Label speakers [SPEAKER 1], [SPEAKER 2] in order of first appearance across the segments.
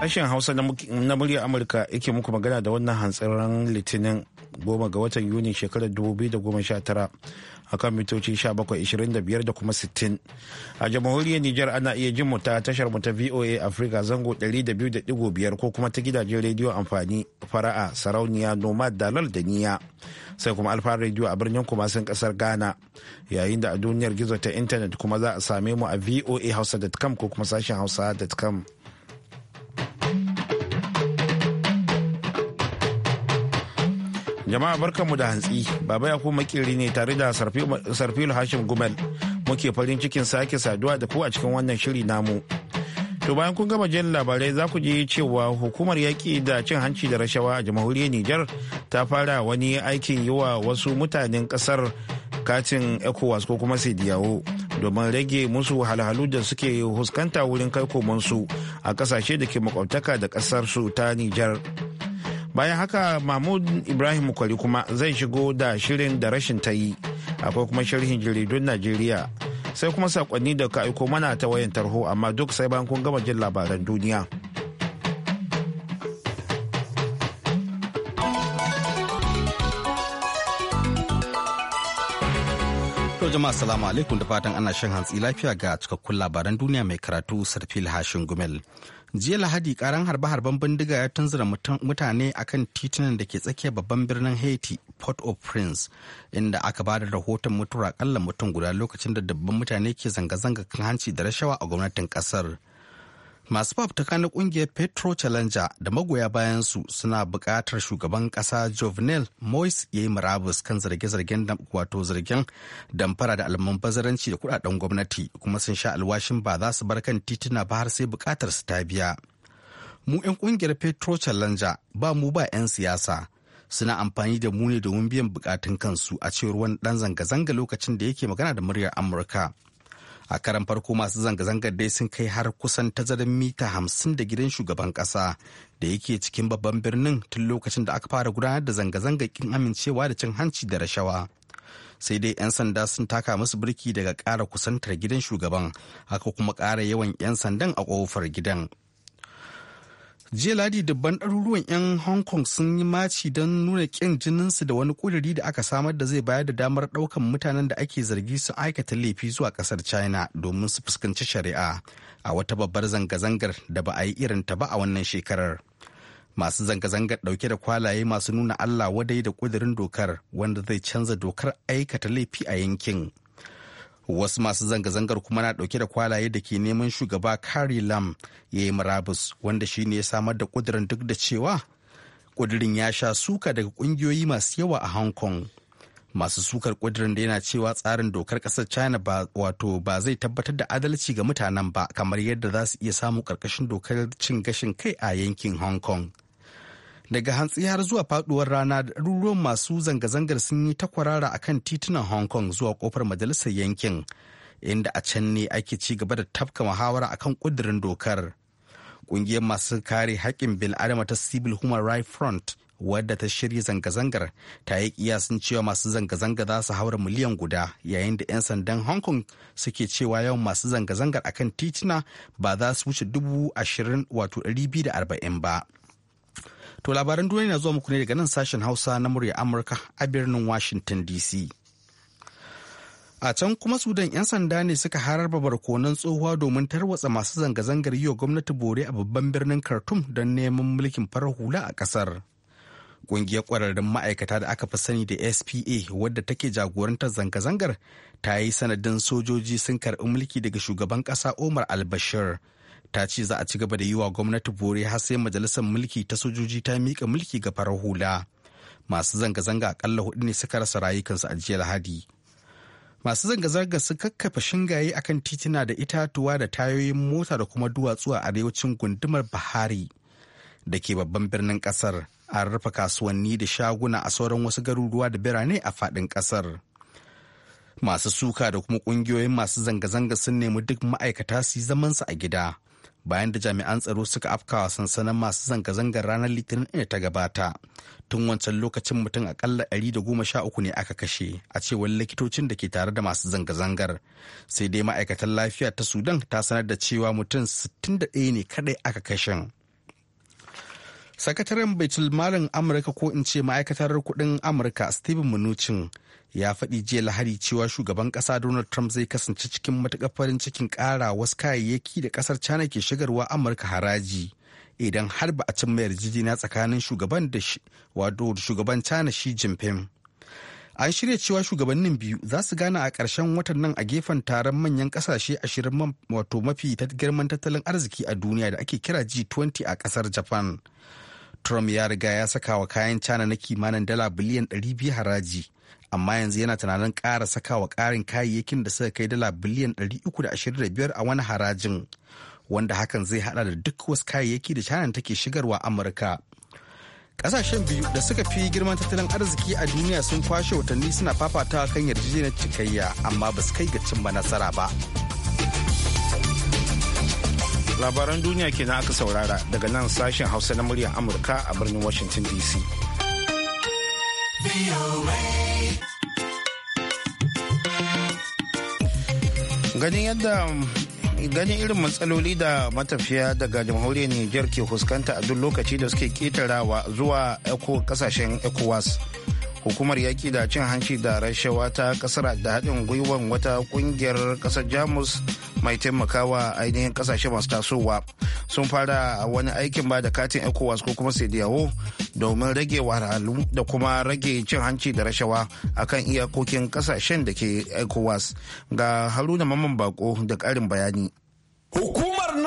[SPEAKER 1] Sashen Hausa na muryar Amurka yake muku magana da wannan hantsarin Litinin goma ga watan Yuni shekarar 2019 kan mitoci 1725 da kuma 60. A jamhuriyar Nijar ana iya jin mu ta tashar mu ta VOA Africa zango 200.5 ko kuma ta gidajen rediyo amfani fara'a sarauniya nomad dalal da niya. Sai kuma alfa rediyo a birnin kumasin kasar Ghana yayin da a duniyar gizo ta intanet kuma za a same mu a voa hausa.com ko kuma sashen hausa.com. Jama'a barkanmu da hantsi, Baba ya Yakubu Makiri ne tare da Sarfilu Hashim Gumel muke farin cikin sake saduwa da ku a cikin wannan shiri namu. To bayan kun gama jin labarai za ku ji cewa hukumar yaƙi da cin hanci da rashawa a jamhuriyar Nijar ta fara wani aikin yi wa wasu mutanen ƙasar katin ECOWAS ko kuma Sediyawo domin rage musu halhalu da suke huskanta wurin kai komansu a ƙasashe da ke makwabtaka da ƙasar su ta Nijar. bayan haka mahmud ibrahim kwari kuma zai shigo da shirin da rashin ta yi akwai kuma sharhin jaridun najeriya sai kuma sakonni da ka aiko mana ta wayan tarho amma duk sai bayan kun gama jin labaran duniya
[SPEAKER 2] jama'a salamu alaikum da fatan ana shan hantsi lafiya ga cikakkun labaran duniya mai karatu sarfil hashin gumel. jiya lahadi karan harbe-harben bindiga ya tunzura mutane akan titunan da ke tsakiyar babban birnin haiti port au prince inda aka ba da rahoton mutuwar akalla mutum guda lokacin da dubban mutane ke zanga-zanga kan hanci da rashawa a gwamnatin kasar. masu fafutuka na kungiyar petro challenger da magoya bayansu suna buƙatar shugaban ƙasa jovenel moise ya yi murabus kan zarge-zargen wato zargen damfara da bazaranci da kudaden gwamnati kuma sun sha alwashin ba za su bar kan tituna ba har sai buƙatar su ta biya mu 'yan kungiyar petro challenger ba mu ba 'yan siyasa suna amfani da mu ne domin biyan bukatun kansu a cewar wani dan zanga-zanga lokacin da yake magana da muryar amurka a karan farko masu zanga-zangar dai sun kai har kusan tazarin mita hamsin da gidan shugaban kasa da yake cikin babban birnin tun lokacin da aka fara gudanar da zanga-zangar kin amincewa da cin hanci da rashawa sai dai 'yan sanda sun taka musu birki daga ƙara kusantar gidan shugaban haka kuma ƙara yawan 'yan sandan a ƙofar gidan jiya ladi dubban ɗaruruwan 'yan hong kong sun yi maci don nuna ƙin jininsu da wani ƙudiri da aka samar da zai bayar da damar ɗaukan mutanen da ake zargi su aikata laifi zuwa ƙasar china domin su fuskanci shari'a a wata babbar zanga-zangar da ba a yi irin ta ba a wannan shekarar masu zanga-zangar ɗauke da kwalaye masu nuna allah wadai da ƙudurin dokar wanda zai canza dokar aikata laifi a yankin wasu masu zanga-zangar kuma na dauke da kwalaye da ke neman shugaba kari lam ya yi murabus wanda shi ne ya samar da kudirin duk da cewa kudirin ya sha suka daga kungiyoyi masu yawa a hong kong masu sukar kudirin da yana cewa tsarin dokar kasar china ba wato ba zai tabbatar da adalci ga mutanen ba kamar yadda za su iya samun karkashin dokar cin gashin kai a yankin hong kong daga hantsi har zuwa faduwar rana da ɗaruruwan masu zanga-zangar sun yi ta kwarara a kan titunan hong kong zuwa kofar majalisar yankin inda a can ne ake ci gaba da tafka muhawara akan ƙudurin dokar ƙungiyar masu kare haƙƙin Adama ta civil human rights front wadda ta shirya zanga-zangar ta yi kiyasin cewa masu zanga-zanga za su haura miliyan guda yayin da 'yan sandan hong kong suke cewa yawan masu zanga-zangar akan titina ba za su wuce dubu ashirin wato ɗari biyu da arba'in ba To labaran duniya na zuwa muku ne daga nan sashen Hausa na murya Amurka a birnin Washington DC. A can kuma Sudan 'yan sanda ne suka babar barkonan tsohuwa domin tarwatsa masu zanga-zangar yi wa gwamnati bore a babban birnin Khartoum don neman mulkin farar hula a kasar. Ƙungiyar ƙwararrun ma'aikata da aka fi sani da SPA wadda take jagorantar zanga-zangar ta yi sanadin sojoji sun karɓi mulki daga shugaban ƙasa Omar al-Bashir ta ce za a ci gaba da yi wa gwamnati bore har sai majalisar mulki ta sojoji ta mika mulki ga farar hula masu zanga-zanga akalla hudu ne suka rasa rayukansu a jiya lahadi masu zanga-zanga su kakkafa shingaye akan titina da itatuwa da tayoyin mota da kuma duwatsu a arewacin gundumar bahari da ke babban birnin kasar an rufe kasuwanni da shaguna a sauran wasu garuruwa da birane a faɗin kasar masu suka da kuma ƙungiyoyin masu zanga-zanga sun nemi duk ma'aikata su yi zamansu a gida bayan da jami'an tsaro suka afkawa sansanin masu zanga-zangar ranar litinin da ta gabata tun wancan lokacin mutum akalla 113 ne aka kashe a cewar likitocin da ke tare da masu zanga-zangar sai dai ma'aikatan lafiya ta sudan ta sanar da cewa mutum 61 ne kadai aka kashe sakataren baitulmalin amurka ko in ce ma'aikatar kudin amurka steven mnuchin ya faɗi jiya lahari cewa shugaban ƙasa donald trump zai kasance cikin matuƙar farin cikin ƙara wasu kayayyaki da ƙasar china ke shigarwa amurka haraji idan har ba a cin mayar jijina tsakanin shugaban da wato shugaban china shi jinping an shirya cewa shugabannin biyu za su gana a ƙarshen watan nan a gefen taron manyan ƙasashe ashirin wato mafi girman tattalin arziki a duniya da ake kira g20 a ƙasar japan trump ya riga ya saka wa kayan china na kimanin dala biliyan 200 haraji amma yanzu yana tunanin ƙara wa ƙarin kayayyakin da suka kai dala biliyan 325 a wani harajin wanda hakan zai hada da duk wasu kayayyaki da china take shigarwa amurka ƙasashen biyu da suka fi girman tattalin arziki a duniya sun kwashe watanni suna fafatawa kan yarjejeniyar cikayya amma ba su kai ga cimma nasara
[SPEAKER 1] ba labaran duniya kenan aka saurara daga nan sashen hausa na muryar amurka a birnin washington dc ganin yadda ganin irin matsaloli da matafiya daga jamhuriyar niger ke fuskanta a duk lokaci da suke ketarawa zuwa kasashen ecowas hukumar yaƙi da cin hanci da rashawa ta ƙasar da haɗin gwiwan wata ƙungiyar ƙasar jamus mai taimakawa ainihin kasashe masu tasowa sun fara wani aikin ba da katin ecowas ko kuma sediyawo domin rage wahalhalu da kuma rage cin hanci da rashawa akan iyakokin kasashen da ke ecowas ga haruna mamman bako da karin bayani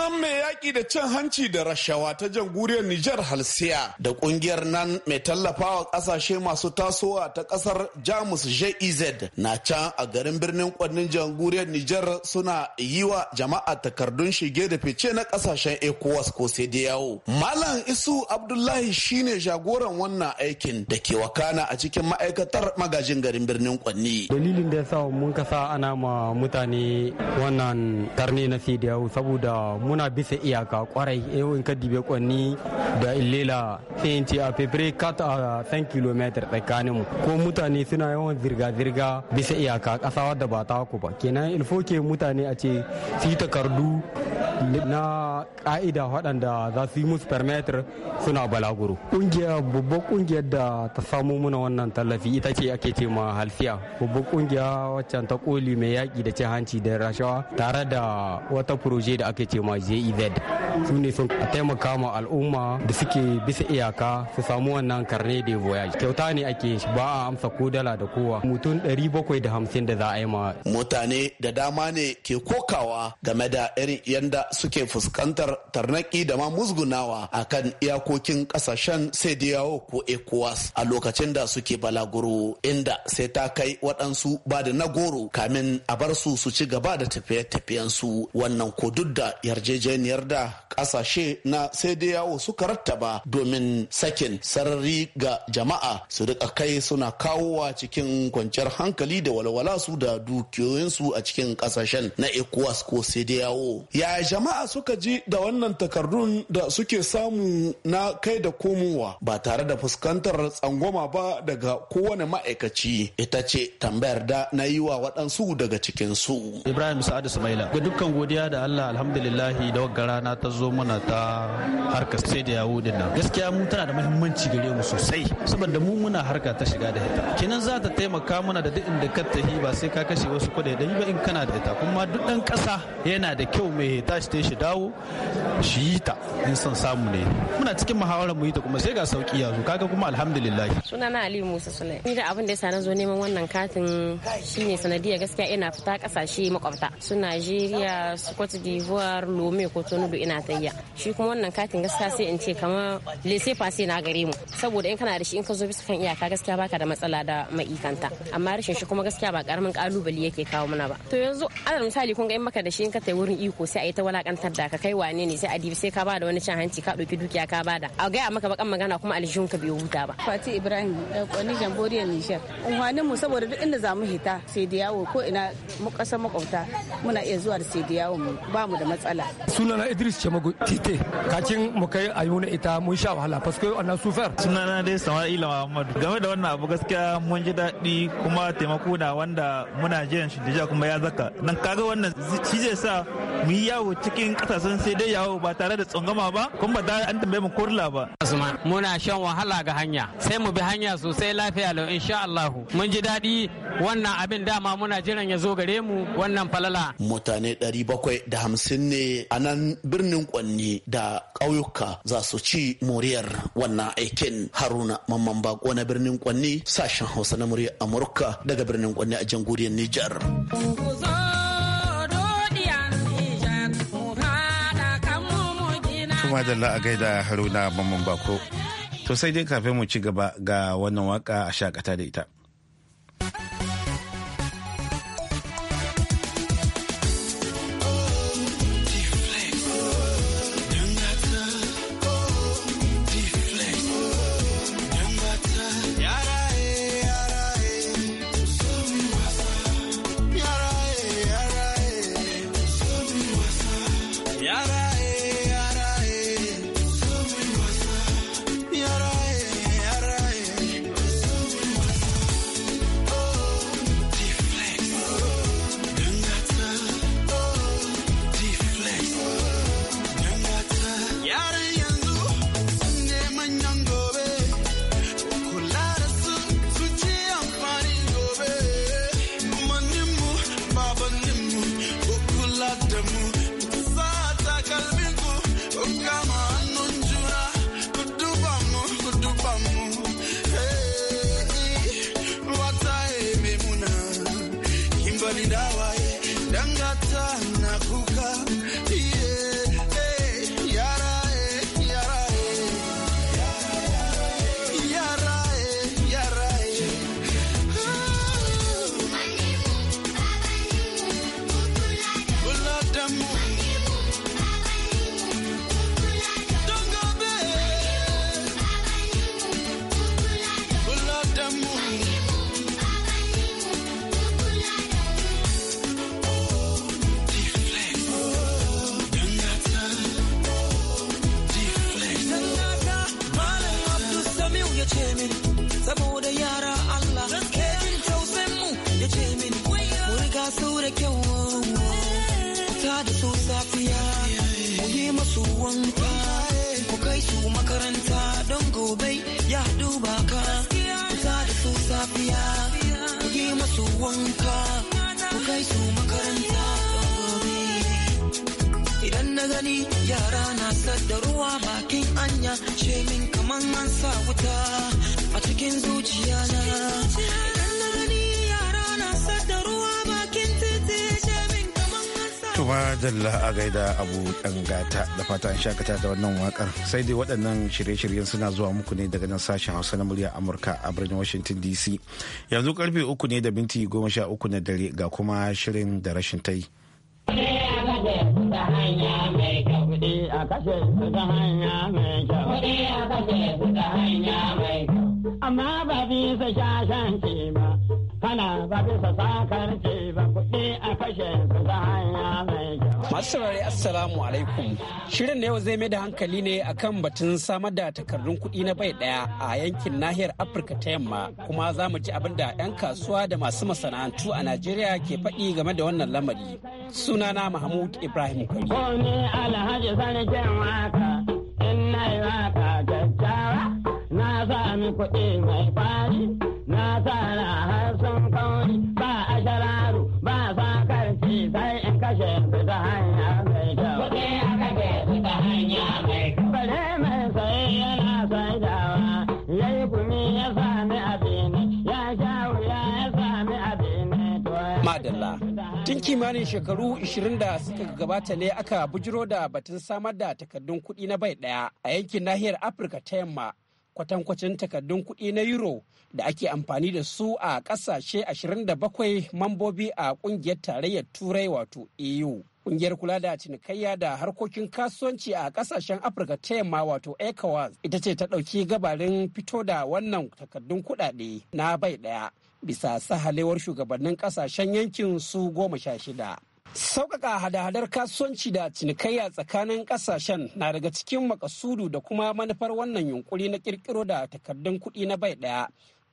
[SPEAKER 1] Kungiyar mai yaƙi da cin hanci da rashawa
[SPEAKER 3] ta jamhuriyar Nijar Halsiya da ƙungiyar nan mai tallafawa ƙasashe masu tasowa ta ƙasar Jamus JEZ na can a garin birnin ƙwannin jamhuriyar Nijar suna yi wa jama'a takardun shige da fice na ƙasashen ECOWAS ko sai yawo. Malam Isu Abdullahi shine jagoran wannan aikin da ke wakana a cikin ma'aikatar magajin garin birnin Kwanni.
[SPEAKER 2] Dalilin da ya sa mun kasa ana ma mutane wannan karni na sai yawo saboda mun muna bisa iyaka kwarai yau in ka dibe kwanni da illela sai a fefere kata a 10 km tsakanin mu ko mutane suna yawan zirga-zirga bisa iyaka kasa wadda ba ta ku ba kenan ke mutane a ce su yi takardu na ka'ida waɗanda za su yi musu permeter suna balaguro ƙungiya babban ƙungiyar da ta samu muna wannan tallafi ita ce ake ce ma halsiya babban ƙungiya waccan ta koli mai yaƙi da ce hanci da rashawa tare da wata proje da ake ce ma je iz Sun ne sun taimaka ma al'umma da suke bisa iyaka su samu wannan karne da voyage kyauta ne ake shi ba a amsa ko dala da kowa mutum 750 da za a yi ma
[SPEAKER 3] mutane da dama ne ke kokawa game da irin yanda suke fuskantar tarnaki da ma musgunawa a kan iyakokin kasashen sai yawo ko ecowas a lokacin da suke balaguro inda sai ta kai waɗansu ba da na goro kamin a bar su su ci gaba da tafiye-tafiyensu wannan ko duk da yarjejeniyar da kasashe na sai dai yawo suka rattaba domin sakin sarari ga jama'a su rika kai suna kawowa cikin kwanciyar hankali da walwala su da dukiyoyinsu a cikin kasashen na ecowas ko sai dai yawo ya jama'a suka ji da wannan takardun da suke samu na kai da komowa ba tare da fuskantar tsangwama ba daga kowane ma'aikaci ita ce tambayar da na yi wa waɗansu daga cikinsu ibrahim sa'adu sumaila ga dukkan godiya da allah alhamdulillahi da wagga rana ta zo zo mana ta harka sai da yawo din nan gaskiya mu tana da muhimmanci gare mu sosai saboda mu muna harka ta shiga da ita kenan za ta taimaka mana da duk inda ka tafi ba sai ka kashe wasu kudaden ba in kana da ita kuma duk dan kasa yana da kyau mai hita shi ta shi dawo shi yi ta in son samu ne muna cikin muhawarar mu yi ta kuma sai ga sauki ya zo kaga kuma alhamdulillah
[SPEAKER 4] sunana ali musa sunai ni da abin da yasa na zo neman wannan katin shine sanadiya gaskiya ina fita kasashe makwabta su najeriya su cote d'ivoire lome ko tonudu ina tayya shi kuma wannan katin gaskiya sai in ce kamar lese fase na gare mu saboda in kana da shi in ka zo bisa kan iyaka gaskiya baka da matsala da ma'ikanta amma rashin shi kuma gaskiya ba karamin kalubale yake kawo mana ba to yanzu alal misali kun ga in maka da shi in ka tai wurin iko sai a yi ta walakantar da ka kai wane ne sai a dibi sai ka bada wani cin hanci ka dauki dukiya ka bada a gaya maka bakan magana kuma aljihun ka bai huta ba fati ibrahim kwani jamhuriyar nishar unhwanin mu saboda duk inda zamu hita sai da yawo ko ina mu kasa makwabta muna iya zuwa da sai da yawo mu ba mu da matsala
[SPEAKER 5] sunana idris ce mugu tite kakin mu kai
[SPEAKER 6] a yuna ita mun sha wahala paske wannan sufar sunana dai sama'ila muhammadu game da wannan abu gaskiya
[SPEAKER 3] mun ji daɗi kuma taimako da wanda muna jiran shi
[SPEAKER 2] da kuma ya zaka
[SPEAKER 3] dan kaga wannan shi zai sa mu yi yawo cikin kasashen sai dai yawo ba tare da tsangama ba kuma ba
[SPEAKER 6] an tambaye mu kurla ba muna shan wahala ga hanya sai mu bi hanya sosai lafiya lau insha Allah mun ji daɗi wannan abin dama muna jiran ya zo gare mu wannan falala
[SPEAKER 3] mutane 750 ne a nan birnin kwanni da ƙauyuka za su ci moriyar wannan aikin haruna mamman bako na birnin kwanni sashen hausa na muryar amurka daga birnin kwanni a jamhuriyar nijar
[SPEAKER 4] kuma
[SPEAKER 1] da la'agai da haruna mamman bako to sai dai kafin mu ci gaba ga wannan waka a shakata da ita shakata da wannan wakar sai dai waɗannan shirye-shiryen suna zuwa muku ne daga nan sashen hausa na murya amurka a birnin washington dc yanzu karfe uku ne da minti goma sha uku na dare ga kuma shirin da rashin tai
[SPEAKER 4] amma ba bisa shashen ba Kana ba bisa sakar ce ba kuɗi a kashe su ta mai
[SPEAKER 6] kyau. Masu saurari Assalamu alaikum. Shirin da yau zai mai da hankali ne akan batun samar da takardun kuɗi na bai ɗaya a yankin nahiyar Afirka ta yamma kuma za mu ji abin da 'yan kasuwa da masu masana'antu a Najeriya ke faɗi game da wannan lamari. Sunana Mahmud Ibrahim
[SPEAKER 4] Kwari. Ko ne alhaji in na yi na sami kuɗi mai kwari na tsara har sun kauri ba a shararu ba sa karci sai in kashe su ta hanya mai kyau. Kuɗi a kashe su ta hanya mai kyau. Bare mai saye yana dawa, ya yi kumi ya sami abini ya sha wuya ya sami abini. Madalla. Tun kimanin shekaru
[SPEAKER 6] 20 da suka gabata ne aka bujiro da batun samar da takardun kuɗi na bai ɗaya a yankin nahiyar Afirka ta yamma kwatankwacin takardun kuɗi na euro da ake amfani da su a ƙasashe 27 mambobi a ƙungiyar tarayyar turai wato eu Ƙungiyar kula da cinikayya da harkokin kasuwanci a ƙasashen Afirka ta yamma wato ECOWAS ita ce ta ɗauki gabarin fito da wannan takardun kuɗaɗe na bai ɗaya bisa sahalewar shugabannin ƙasashen yankin su goma sha shida. Sauƙaƙa hada-hadar kasuwanci da cinikayya tsakanin ƙasashen na daga cikin makasudu da kuma manufar wannan yunkuri na ƙirƙiro da takardun kuɗi na bai ɗaya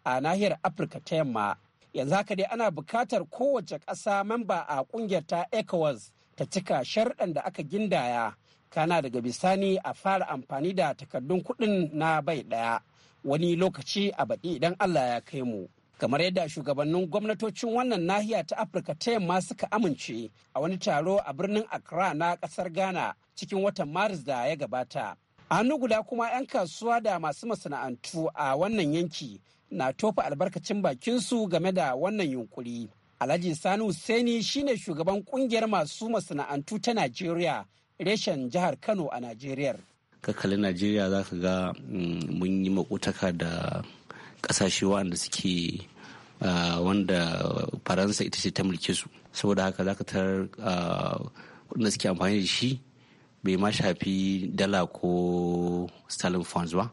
[SPEAKER 6] a nahiyar Afirka ta yamma. Yanzu haka dai ana buƙatar kowace ƙasa mamba a ƙungiyar ta ECOWAS ta cika sharɗan da aka gindaya. Kana daga bisani a fara amfani da takardun kuɗin na bai ɗaya wani lokaci a baɗi idan Allah ya kai mu. kamar yadda shugabannin gwamnatocin wannan nahiya ta afirka ta yamma suka amince a wani taro a birnin accra na kasar ghana cikin watan maris da ya gabata a hannu guda kuma 'yan kasuwa da masu masana'antu a wannan yanki na tofa albarkacin bakinsu game da wannan yunkuri alhaji sani Hussaini shine shugaban kungiyar masu masana'antu ta najeriya reshen jihar kano a najeriya
[SPEAKER 7] kakali najeriya za ka ga mm, mun yi makutaka da kasashe wanda suke ah, wanda faransa ita ce ta mulke su saboda haka za ka tarar ah, kudin da suke amfani da shi bai ma shafi dala ko stalin funds ba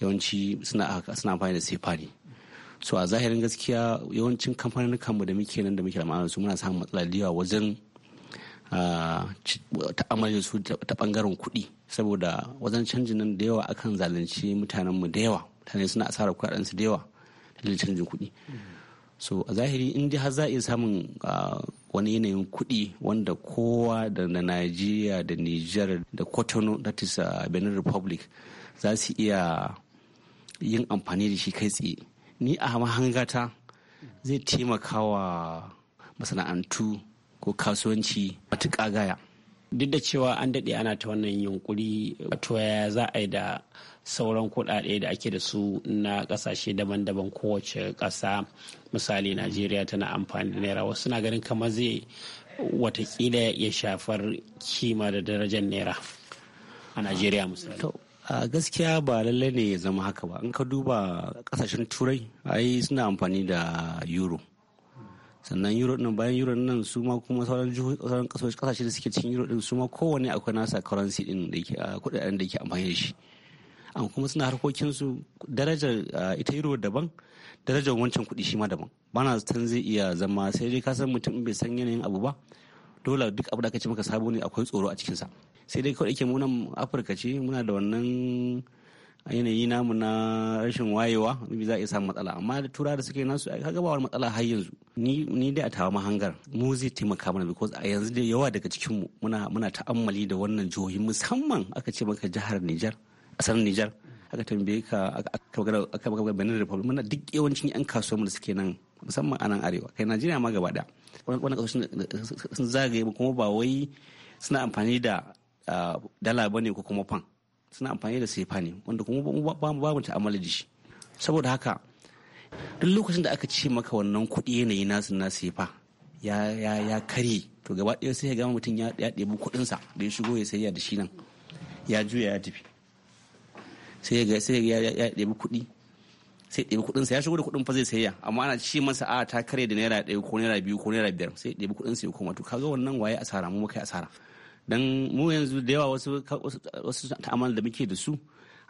[SPEAKER 7] yawanci suna amfani da sefa ne so a zahirin gaskiya yawancin kamfanin kanmu da muke nan da muke da su muna samun matsala da yawa wajen ah, ta'amalin su ta bangaren kuɗi saboda wajen canjin nan da yawa akan zalunci mutanenmu da yawa mutane suna asarar kuɗaɗensu da yawa dalilin canjin kuɗi so a zahiri in dai har za a iya samun wani yanayin kuɗi wanda kowa da na najeriya da niger da kotono that is benin republic za su iya yin amfani da shi kai tsaye ni a mahangata zai taimaka wa masana'antu ko kasuwanci
[SPEAKER 6] matuƙa gaya duk da cewa an daɗe ana ta wannan yunkuri wato ya za a yi da sauran kuɗaɗe da ake da su na ƙasashe daban-daban kowace ƙasa misali najeriya tana amfani da naira wasu na ganin kamar zai watakila ya shafar
[SPEAKER 7] kima da darajar naira a najeriya misali a gaskiya ba lallai ne ya zama haka ba in ka duba kasashen turai ai suna amfani da euro sannan euro din bayan euro nan su ma kuma sauran sauran kasashe da suke cikin euro din su ma kowanne akwai nasa currency din da yake ah, kudaden da yake amfani da shi amma kuma suna harkokin su darajar ah, ita euro daban darajar wancan kudi shi ma daban bana zaton zai iya zama sai dai ka san mutum bai san yanayin abu ba dole duk abu da aka ce maka sabo ne akwai tsoro a sa sai dai kawai ke munan afirka ce muna da wannan a yanayi namu na rashin wayewa bi za a iya samun matsala amma da tura da suke nasu ka ga wani matsala har yanzu ni dai a tawa mahangar mu zai taimaka mana because a yanzu da yawa daga cikin mu muna muna ta'ammali da wannan jihohi musamman aka ce maka jihar Nijar kasar Nijar aka tambaye ka aka magana aka magana Benin Republic muna duk yawancin yan kasuwar mu da suke nan musamman a nan arewa kai Najeriya ma gaba daya wannan kasuwa sun zagaye kuma ba wai suna amfani da ah, dala bane ko kuma fan suna amfani da sefa ne wanda kuma ba mu babu ta'amala da shi saboda haka duk lokacin da aka ce maka wannan kuɗi yanayi nasu na sefa ya ya ya karye to gaba ɗaya sai ya gama mutum ya ɗebi kuɗinsa da ya shigo ya sayya da shi nan ya juya ya tafi sai ya sai ya ya ɗebi kuɗi sai ɗebi kuɗinsa ya shigo da kuɗin fa zai sayya amma ana ce masa a ta karye da naira ɗaya ko naira biyu ko naira biyar sai ɗebi kuɗinsa ya koma to kaga wannan waye asara mu kai asara don mu yanzu da yawa wasu wasu ta'amal da muke da su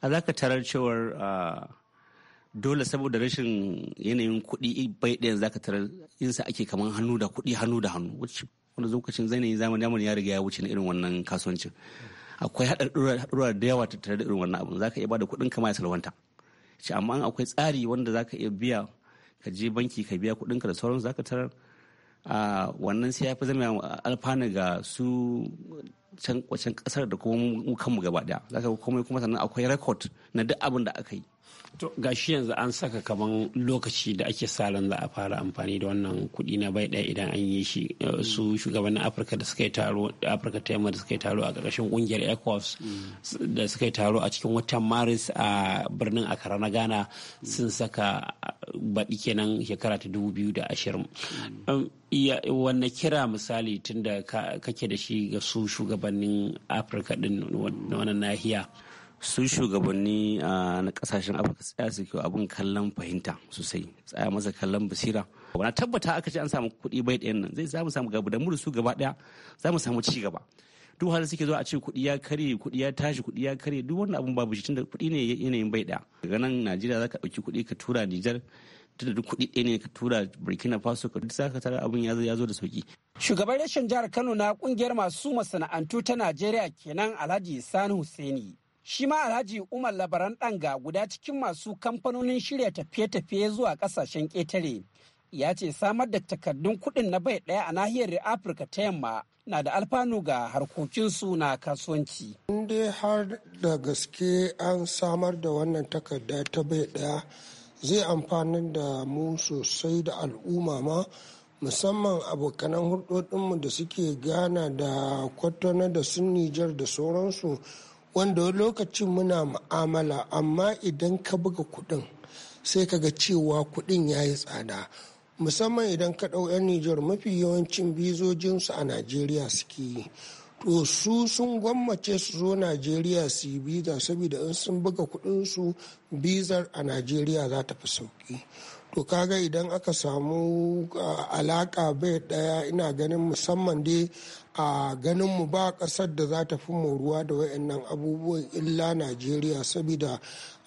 [SPEAKER 7] a za ka tarar cewar dole saboda rashin yanayin kuɗi bai ɗayan ka tarar yinsa ake kaman hannu da kuɗi hannu da hannu wacce wani lokacin zanayin zamani zamani ya riga ya wuce na irin wannan kasuwancin akwai haɗarɗura da yawa tattare da irin wannan abu ka iya bada kuɗin kama ya salwanta ce amma akwai tsari wanda za ka iya biya ka je banki ka biya kuɗinka da sauran ka tarar wannan sai ya fi zama alfana ga su can kasar da kuma mu kanmu gaba daya zaka komai kuma sannan akwai record na duk abin da aka yi To gashi yanzu an saka kaman lokaci da ake sa ran
[SPEAKER 6] za a fara amfani da wannan kuɗi na bai ɗaya idan an yi shi eh, su shugabannin Afirka da suka yi taro Afirka ta yamma da suka yi taro a ƙarƙashin ƙungiyar ECOWAS da suka yi taro a cikin watan Maris a birnin Accra na Ghana sun saka baɗi kenan shekara ta dubu biyu da ashirin. Um, wanne kira misali tun da kake
[SPEAKER 7] da shi ga su shugabannin Afirka ɗin wannan nahiya su shugabanni na kasashen afirka tsaya su kyau abin kallon fahimta sosai tsaya masa kallon basira na tabbata aka ce an samu kuɗi bai ɗayan nan zai zamu samu gaba da mu da su gaba ɗaya za mu samu ci gaba duk har suke zuwa a ce kuɗi ya kare kuɗi ya tashi kuɗi ya kare duk wannan abun babu shi tunda kuɗi ne yanayin bai ɗaya daga nan najeriya za ka ɗauki kuɗi ka tura nijar tunda duk kuɗi ɗaya ne ka tura burkina faso ka duk za ka tara abin ya zo da sauki.
[SPEAKER 6] shugaban rashin jihar kano na kungiyar masu masana'antu ta najeriya kenan alhaji sani hussaini Shi ma Alhaji Umar Labaran Ɗanga guda cikin masu kamfanonin shirya tafiye-tafiye zuwa ƙasashen ƙetare. Ya ce samar da takardun kuɗin na bai ɗaya a nahiyar Afirka ta yamma na da
[SPEAKER 5] alfanu ga harkokinsu na kasuwanci. In dai har da gaske an samar da wannan takarda ta bai ɗaya zai amfani da mu sosai da al'umma ma musamman abokanan hurdodinmu da suke gana da kwatona da sun nijar da sauransu wanda lokacin muna ma'amala amma idan ka buga kudin sai ka ga cewa kudin ya yi tsada musamman idan ka ɗau 'yan Nijar mafi yawancin bizojinsu a Najeriya suke yi to su sun gwammace su zo najeriya su yi biza saboda in sun buga kudinsu bizar a najeriya za ta fi sauki to kaga idan aka samu ah, alaka bai daya ina ganin musamman dai a ganin mu ba kasar da za ta fi moruwa da wayannan abubuwan illa najeriya saboda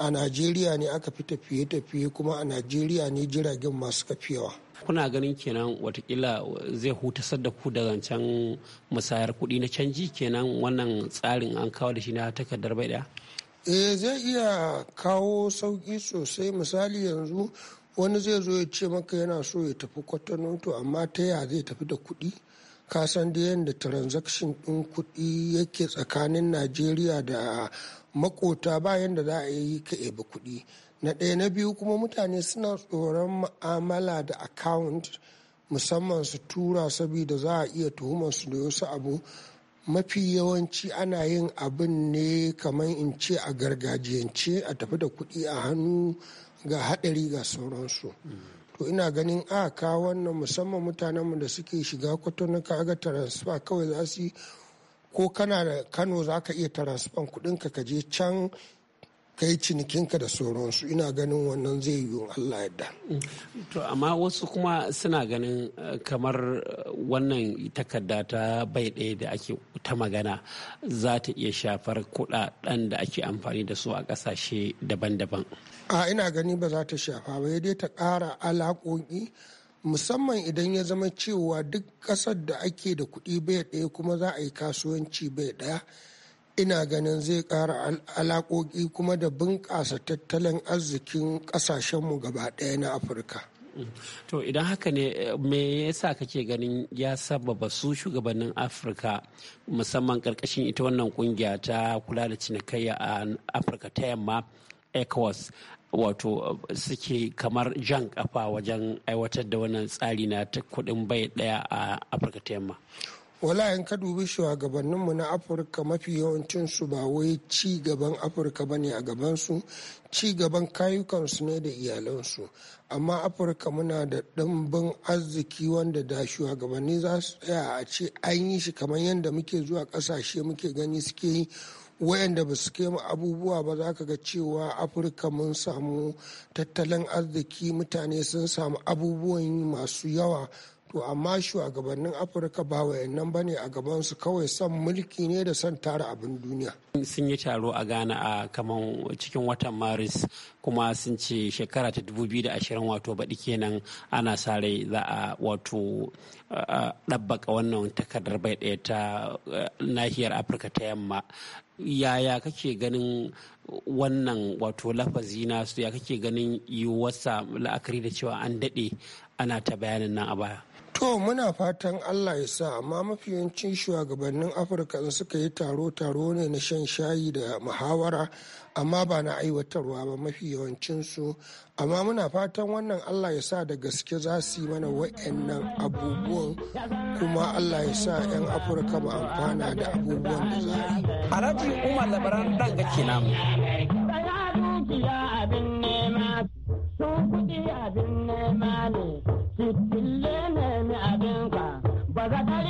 [SPEAKER 5] a najeriya ne aka fi tafiye-tafiye kuma a najeriya ne jiragen masu kafiyawa.
[SPEAKER 6] kuna ganin kenan watakila zai hutasar da ku da zancen musayar kuɗi na canji kenan wannan tsarin an kawo da shi na takardar bai ɗaya
[SPEAKER 5] eh zai iya kawo sauki sosai misali yanzu wani zai zo ya ce maka yana so ya tafi to amma ta ya zai tafi da kuɗi ka san da yadda transaction ɗin kuɗi yake tsakanin najeriya da makota bayan da za a yi ka ebi kuɗi na ɗaya na biyu kuma mutane suna tsoron ma'amala da account musamman su tura saboda za a iya tuhumar su da wasu abu mafi yawanci ana yin abin ne kamar in ce a gargajiyance a tafi da kuɗi a hannu ga haɗari ga sauransu to ina ganin a ka wannan musamman mutanenmu da suke shiga kwatano ka ga transfer kawai za su ko kana da kano za ka iya transfer kuɗinka ka je can kai cinikinka da sauransu ina ganin wannan zai yiwu Allah yadda. To amma
[SPEAKER 6] wasu kuma suna ganin eh, kamar eh, wannan takarda ta bai ɗaya da ake ta magana za ta iya shafar kuɗaɗen da ake amfani da su a ƙasashe daban-daban.
[SPEAKER 5] A ina gani ba za ta shafa ba dai ta ƙara alaƙoƙi musamman idan ya zama cewa duk ƙasar da ake da kuɗi bai ɗaya kuma za a yi kasuwanci bai ɗaya. ina ganin zai kara alakoki kuma da bunƙasa tattalin arzikin kasashenmu gaba ɗaya na afirka
[SPEAKER 6] to idan haka ne eh, me yasa kake ganin ya sababa su shugabannin afirka musamman karkashin ita wannan ƙungiya ta kula da cinikayya a afirka ta yamma ecowas wato eh, suke kamar jan kafa wajen aiwatar da wannan tsari na kuɗin bai ɗaya a afirka ta yamma
[SPEAKER 5] walayen ka dubi shugabanninmu na afirka mafi yawancinsu ba wai ci gaban afirka ba ne a gabansu ci gaban kayukansu ne da iyalansu amma afirka muna da ɗimbin arziki wanda da shugabanni za su tsaya a ce an yi shi kamar yadda muke zuwa ƙasashe muke gani suke yi wayanda ba su kai mu abubuwa ba za ka ga cewa afirka mun samu tattalin arziki mutane sun samu abubuwan masu yawa to amma shugabannin afirka ba wayannan bane a gabansu kawai son mulki ne da son tara abin duniya
[SPEAKER 6] sun yi taro a ghana a kaman cikin watan maris kuma sun ce shekara ta 2020 wato baɗi kenan ana sa rai za a wato ɗabbaka wannan takardar bai ɗaya ta nahiyar afirka ta yamma yaya kake ganin wannan wato lafazi nasu ya kake ganin yiwuwarsa la'akari da cewa an daɗe ana ta bayanin nan a baya
[SPEAKER 5] To muna fatan Allah ya sa amma mafi yawancin shugabannin Afirka in suka yi taro-taro ne na shan shayi da muhawara amma ba na aiwatarwa ba mafi yawancinsu amma muna fatan wannan Allah ya sa da gaske za su yi mana wa'annan abubuwan kuma Allah ya sa 'yan Afirka ba amfana da abubuwan da za a yi. Umar Labaran
[SPEAKER 4] ɗan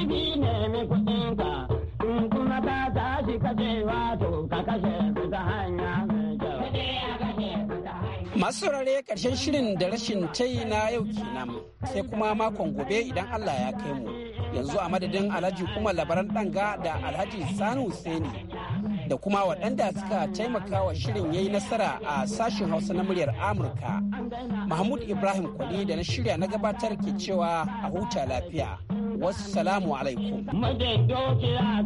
[SPEAKER 4] laifi ne mi
[SPEAKER 6] Masu saurare karshen shirin da rashin tai na yau kenan sai kuma makon gobe idan Allah ya kai mu. Yanzu a madadin Alhaji kuma labaran Danga da Alhaji Sani Hussaini da kuma waɗanda suka taimaka wa shirin ya yi nasara a sashen hausa na muryar amurka mahmud ibrahim kwali da na shirya na gabatar ke cewa a huta lafiya wassalamu alaikum mijin dokiya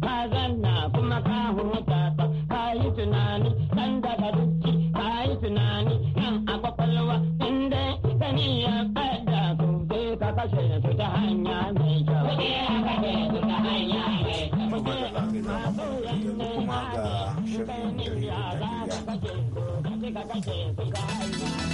[SPEAKER 4] ka kuma ka huta ka yi tunani dan daga duki ka yi tunani nan a kwakwalwa in ka ya kashe ta hanya mai kyau ga ya hanya mai kyau kuma ga ya kashe ta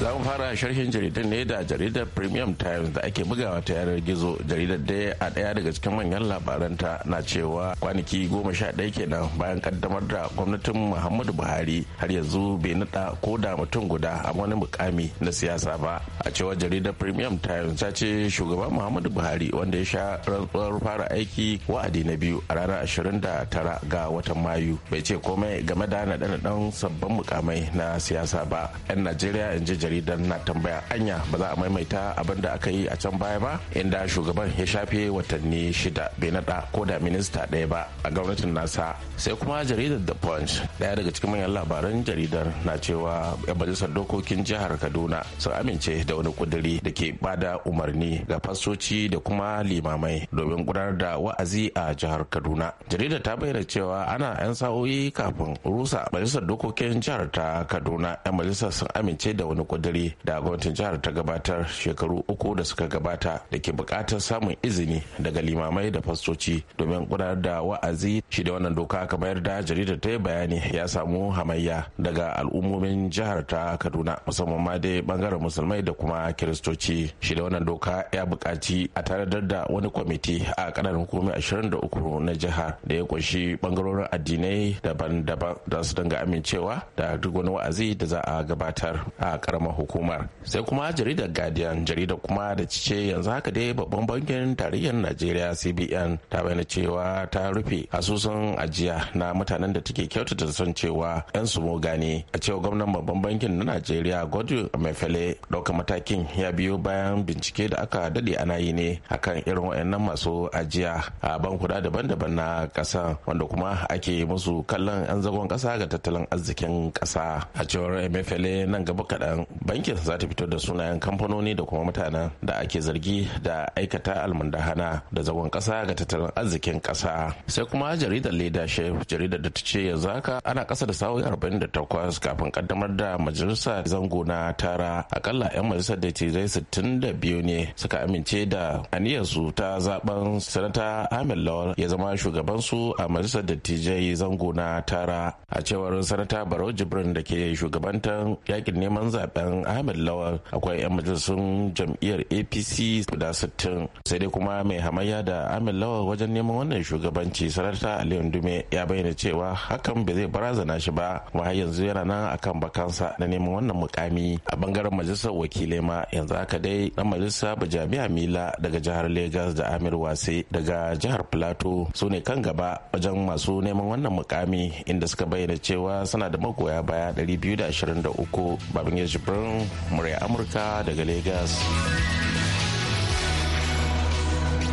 [SPEAKER 8] za mu fara sharhin jaridar ne da jaridar premium times da ake bugawa ta yanar gizo jaridar da a daya daga cikin manyan labaranta na cewa kwanaki goma sha ɗaya kenan bayan kaddamar da gwamnatin muhammadu buhari har yanzu bai nada ko da mutum guda a wani mukami na siyasa ba a cewar jaridar premium times ta ce shugaban muhammadu buhari wanda ya sha rantsuwar fara aiki wa'adi na biyu a ranar 29 ga watan mayu bai ce komai game da naɗe-naɗen sabbin mukamai na siyasa ba 'yan najeriya in ji jaridar na tambaya anya ba za a maimaita abin da aka yi a can baya ba inda shugaban ya shafe watanni shida bai naɗa ko da minista ɗaya ba a gwamnatin nasa sai kuma jaridar the punch ɗaya daga cikin manyan labaran labaran jaridar na cewa 'yan majalisar dokokin jihar kaduna sun amince da wani kuduri da ke bada umarni ga fasoci da kuma limamai domin gudanar da wa'azi a jihar kaduna jaridar ta bayyana cewa ana 'yan sa'o'i kafin rusa majalisar dokokin jihar ta kaduna 'yan majalisar sun amince da wani kuduri da gwamnatin jihar ta gabatar shekaru uku da suka gabata da ke bukatar samun izini daga limamai da fasoci domin gudanar da wa'azi shi da wannan doka kamar yadda jaridar ta yi bayani ya samu hamayya makiya daga al'ummomin jihar ta kaduna musamman ma dai bangaren musulmai da kuma kiristoci shi da wannan doka ya buƙaci a tanadar da wani kwamiti a ƙananan da 23 na jihar da ya kunshi bangarorin addinai daban-daban da su dinga amincewa da duk wani wa'azi da za a gabatar a karamar hukumar sai kuma jaridar guardian jaridar kuma da cice yanzu haka dai babban bankin tarihin najeriya cbn ta bayyana cewa ta rufe asusun ajiya na mutanen da take kyautata son cewa yan Morgane a cewa gwamnan babban bankin na Najeriya Godwin Emefiele dauka matakin ya biyo bayan bincike da aka dade ana yi ne akan irin wayannan masu ajiya a bankuna daban-daban na kasa wanda kuma ake musu kallon 'yan zagon kasa ga tattalin arzikin kasa a cewar Emefiele nan gaba kaɗan bankin za ta fito da sunayen kamfanoni da kuma mutanen da ake zargi da aikata almundahana da zagon kasa ga tattalin arzikin kasa sai kuma jaridar leadership jaridar da ta ce yanzu haka ana kasa da sa'o'i 28 kafin kaddamar da majalisa zango na tara akalla 'yan majalisar da ce zai 62 ne suka amince da aniyarsu ta zaben sanata ahmed lawal ya zama shugabansu a majalisar dattijai zango na tara a cewar sanata barau jibrin da ke shugabantar yakin neman zaben ahmed lawal akwai 'yan majalisun jam'iyyar apc guda 60 sai dai kuma mai hamayya da ahmed lawal wajen neman wannan shugabanci sanata aliyu dume ya bayyana cewa hakan ba zai barazana shi ba har yanzu yana nan akan bakansa na neman wannan mukami a bangaren majalisar wakilai ma yanzu haka dai dan majalisa jami'a mila daga jihar lagos da amir wase daga jihar plateau su ne kan gaba wajen masu neman wannan mukami inda suka bayyana cewa suna da magoya baya ɗari 223 babin ya jibrin murya amurka daga lagos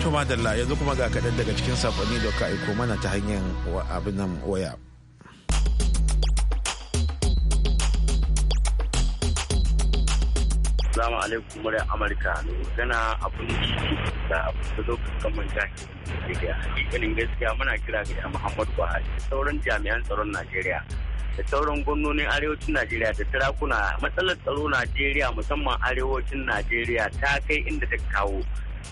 [SPEAKER 8] to
[SPEAKER 1] madalla yanzu kuma ga kaɗan daga cikin saƙonni da ka aiko mana ta hanyar abin nan waya
[SPEAKER 9] Assalamu alaikum muryar Amurka mai magana abun jiki da abun da kamar jaki Najeriya. hakikanin gaskiya muna kira ga Muhammadu Buhari da sauran jami'an tsaron Najeriya da sauran gwamnonin arewacin Najeriya da sarakuna matsalar tsaro Najeriya musamman arewacin Najeriya ta kai inda ta kawo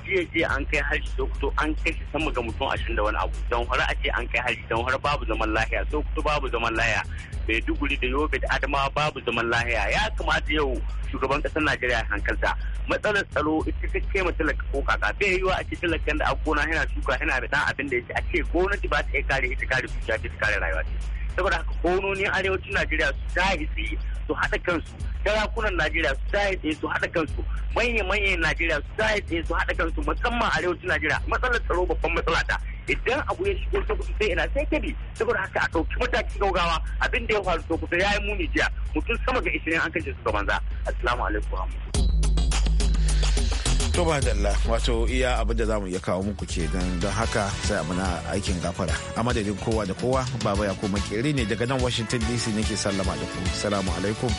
[SPEAKER 9] jiya jiya an kai hari sokoto an kai shi sama ga mutum ashirin da wani abu don hara a ce an kai hari don hara babu zaman lahiya sokoto babu zaman lahiya maiduguri da yobe da adama babu zaman lahiya ya kamata yau shugaban kasar najeriya hankalta matsalar tsaro ita ta ce ma talaka ko kaka bai yiwa a ce talakan da a gona yana shuka yana da dan abin da ya ce a ce gwamnati ba ta iya kare ita kare zuciya ta kare rayuwa ta saboda haka ne arewacin najeriya su ta yi su haɗa kansu sarakunan najeriya su ta tsaye su haɗa kansu manyan manyan najeriya su ta tsaye su haɗa kansu musamman arewacin najeriya matsalar tsaro babban matsala ta idan abu ya shigo ta kusa ina sai bi. saboda haka a ɗauki mataki gaugawa abin da ya faru ta kusa ya yi muni jiya mutum sama ga ishirin an kashe su ga banza assalamu alaikum
[SPEAKER 1] to ba dalla wato iya abin da zamu iya kawo muku ke don haka sai muna aikin gafara a madadin kowa da kowa baba ya koma kere ne daga nan washington dc nake sallama da ku salamu alaikum